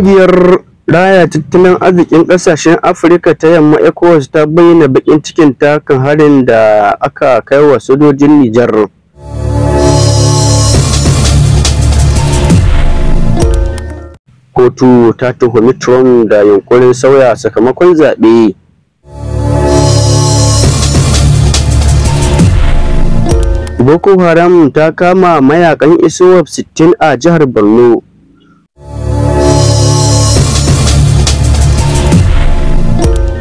Ƙungiyar Raya Tattalin Arzikin Ƙasashen Afirka ta Yamma ECOWAS ta bayyana baƙin ta kan harin da aka kai wa sojojin Nijar. Kotu ta tuhumi Trump da yunkurin sauya sakamakon zaɓe. Boko Haram ta kama mayakan ISWAP 60 a jihar Borno.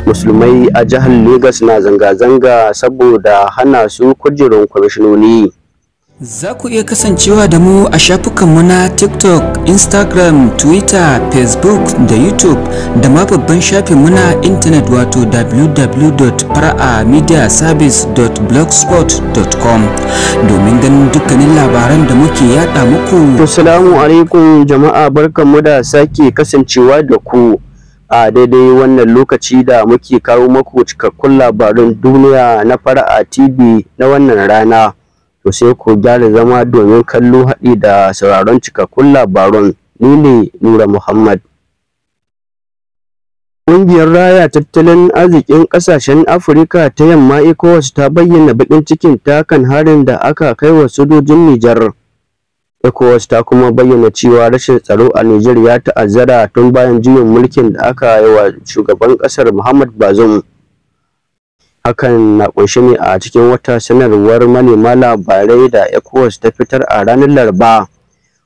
musulmai a jihar Legas na zanga-zanga saboda hana su kujerun kwamishinoni. Za ku iya kasancewa da mu a shafukanmu na TikTok, Instagram, Twitter, Facebook da YouTube da ma babban shafin muna intanet wato www.fara'amediaservice.blogspot.com domin ganin dukkanin labaran da muke yada muku. Assalamu alaikum jama'a barkanmu da sake kasancewa da ku. a daidai wannan lokaci da muke kawo maku cikakkun labarin duniya na fara'a tv na wannan rana to sai ku gyara zama domin kallo haɗi da sauraron cikakkun labarun ni ne nura muhammad Ƙungiyar Raya Tattalin Arzikin Ƙasashen Afirka ta Yamma ECOWAS ta bayyana baƙin cikin takan harin da aka kai wa sojojin Nijar ECOWAS ta kuma bayyana cewa rashin tsaro a Nijar ya ta'azzara tun bayan juyin mulkin da aka yi wa shugaban ƙasar Muhammad Bazoum. Hakan na ƙunshe ne a cikin wata sanarwar manema labarai da ECOWAS ta fitar a ranar Laraba.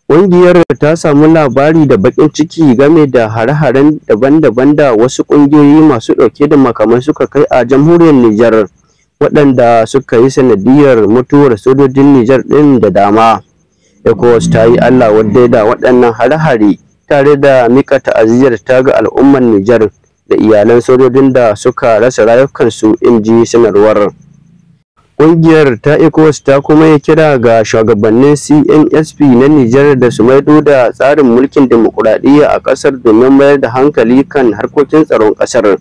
Ƙungiyar ta samu labari da baƙin ciki game da hare-haren daban-daban da wasu ƙungiyoyi masu ɗauke da makamai suka kai a jamhuriyar Nijar, waɗanda suka yi sanadiyar mutuwar sojojin Nijar ɗin da dama. ECOWAS ta yi Allah wadda da waɗannan hare-hare tare da mika ta'aziyyar ta ga al'ummar Nijar da iyalan sojojin da suka rasa rayukansu in ji sanarwar. Ƙungiyar ta ECOWAS ta kuma yi kira ga shugabannin CNSP na Nijar da su maido da tsarin mulkin demokuraɗiyya a ƙasar domin mayar da hankali kan harkokin tsaron ƙasar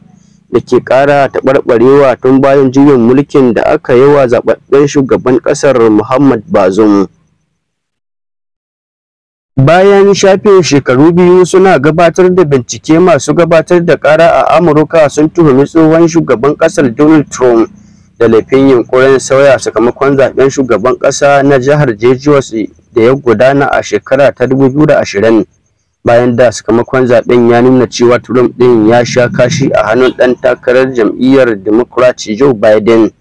da ke ƙara taɓarɓarewa tun bayan juyin mulkin da aka yi wa zaɓaɓɓen shugaban ƙasar Muhammad Bazoum. Bayan shafe shekaru biyu suna gabatar da bincike masu gabatar da ƙara a Amurka sun tuhumi tsohon shugaban ƙasar Donald Trump da laifin yunkurin sauya sakamakon zaben shugaban ƙasa na jihar Jejuwas da ya gudana a shekara ta 2020 bayan da sakamakon zaben ya nuna cewa Trump ɗin ya sha kashi a hannun ɗan takarar jam'iyyar Democrat Joe Biden.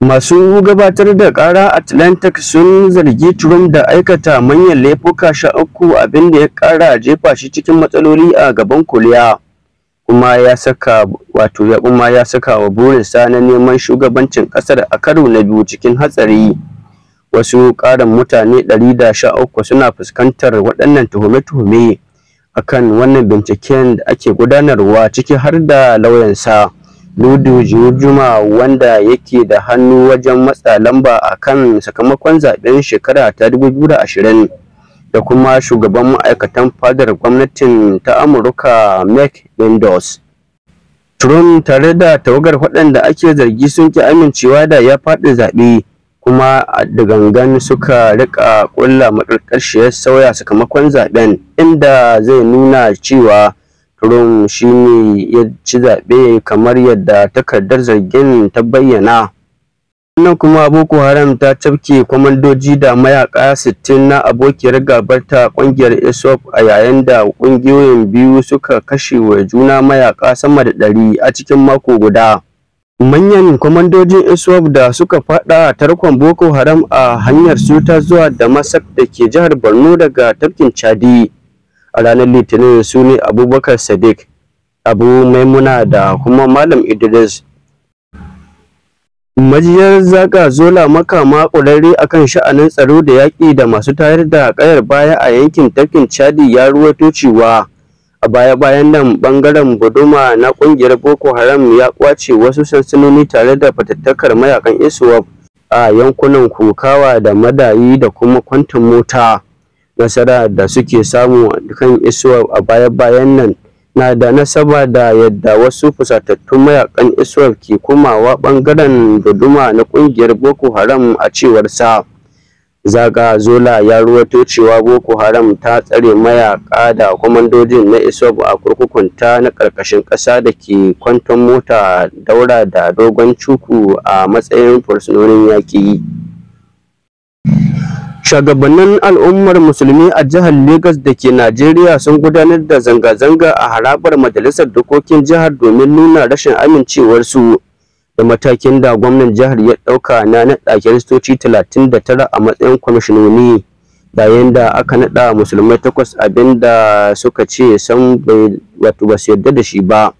Masu gabatar da ƙara Atlantic sun zargi Trump da aikata manyan laifuka sha uku da ya ƙara jefa shi cikin matsaloli a gaban kuliya. Kuma ya saka wato ya kuma ya saka wa burinsa na neman shugabancin ƙasar a karo na biyu cikin hatsari. Wasu ƙarin mutane ɗari da sha uku suna fuskantar waɗannan tuhume-tuhume akan wannan binciken da ake gudanarwa ciki har da lauyansa. Ludu Jujuma wanda yake da hannu wajen matsa lamba a kan sakamakon zaben shekara ta 2020 da kuma shugaban ma'aikatan fadar gwamnatin ta Amurka Mike Windows. Trump tare da tawagar waɗanda ake zargi sun ki amincewa da ya faɗi zaɓe kuma da gangan suka riƙa ƙulla maƙarƙashiyar sauya sakamakon zaɓen inda zai nuna cewa shi shine ya ci zaɓe kamar yadda takardar zargin ta bayyana. Wannan kuma Boko Haram ta cafke kwamandoji da mayaka 60 na abokiyar gabar ta ƙungiyar ISWAP a yayin da ƙungiyoyin biyu suka kashe wa juna mayaka sama da ɗari a cikin mako guda. Manyan kwamandojin ISWAP da suka faɗa tarkon Boko Haram a hanyar su ta zuwa masak da ke jihar Borno daga tafkin Chadi. a ranar litinin su ne abubakar sadiq abu maimuna da kuma malam idris majiyar zaka zola makama a akan sha'anin tsaro da yaƙi da masu tayar da ƙayar baya a yankin tafkin chadi ya ruwaito cewa a baya-bayan nan bangaren buduma na ƙungiyar boko haram ya ƙwace wasu sansanoni tare da fatattakar mayakan iswap a yankunan kukawa da madayi da kuma kwantan mota nasara da suke samu kan isuwa a baya-bayan nan na da nasaba da yadda wasu fusatattun mayakan isuwa ke kumawa bangaren guduma na kungiyar boko haram a cewar sa zaga zola ya ruwato cewa boko haram ta tsare mayaka da kwamandojin na isuwa a kurkukunta na karkashin ƙasa da ke kwanton mota daura da dogon cuku a matsayin fursunonin yaƙi Shugabannin al'ummar musulmi a jihar Legas da ke Najeriya sun gudanar da zanga-zanga a harabar Majalisar Dokokin Jihar domin nuna rashin amincewarsu da matakin da gwamnan jihar ya ɗauka na naɗa kiristoci 39 a matsayin kwamishinoni yayin da aka naɗa musulmai takwas abinda suka ce san wato ba su yarda da shi ba.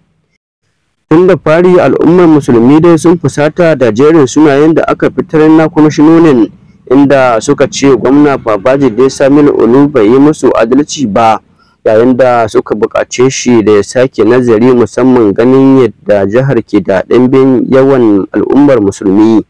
Tun da fari al'ummar musulmi dai sun fusata da jerin sunayen da aka fitar na kwamishinonin inda suka ce gwamna babaji dai samin olu bai yi musu adalci ba yayin da suka buƙace shi da ya sake nazari musamman ganin yadda jihar ke da ɗimbin yawan al'ummar musulmi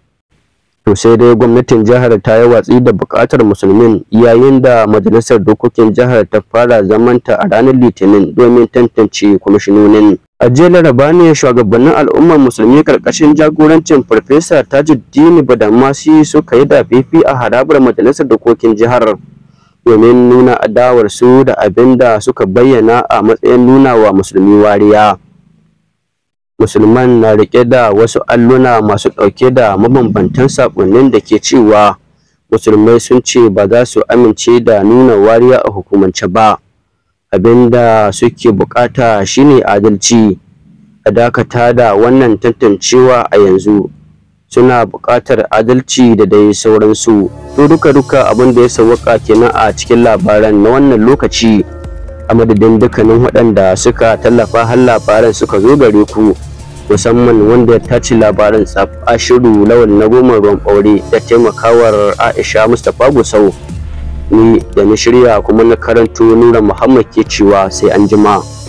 to sai dai gwamnatin jihar ta yi watsi da buƙatar musulmin yayin da majalisar dokokin jihar ta fara zamanta a ranar litinin domin tantance kwamishinonin A jiya Laraba ne shugabannin al'ummar musulmi karkashin jagorancin Farfesa Tajuddini Badamasi suka yi dafifi a harabar majalisar dokokin jihar domin nuna adawarsu da abin da suka bayyana a matsayin nuna wa musulmi wariya. Musulman na riƙe da wasu alluna masu ɗauke da mabambantan saƙonnin da ke cewa musulmai sun ce ba za su amince da nuna wariya a hukumance ba. abinda suke buƙata shine adalci a dakata da wannan tantancewa a yanzu suna buƙatar adalci da dai sauransu to duka duka abin da ya sauwaka kenan a cikin labaran na wannan lokaci a madadin dukkanin waɗanda suka tallafa har labaran suka zo gare ku musamman wanda ya tace labaran tsaf ashiru lawal na goma ruwan ɓaure da taimakawar aisha mustapha gusau ni da na shirya kuma na karanto nuna muhammad ke cewa sai an jima.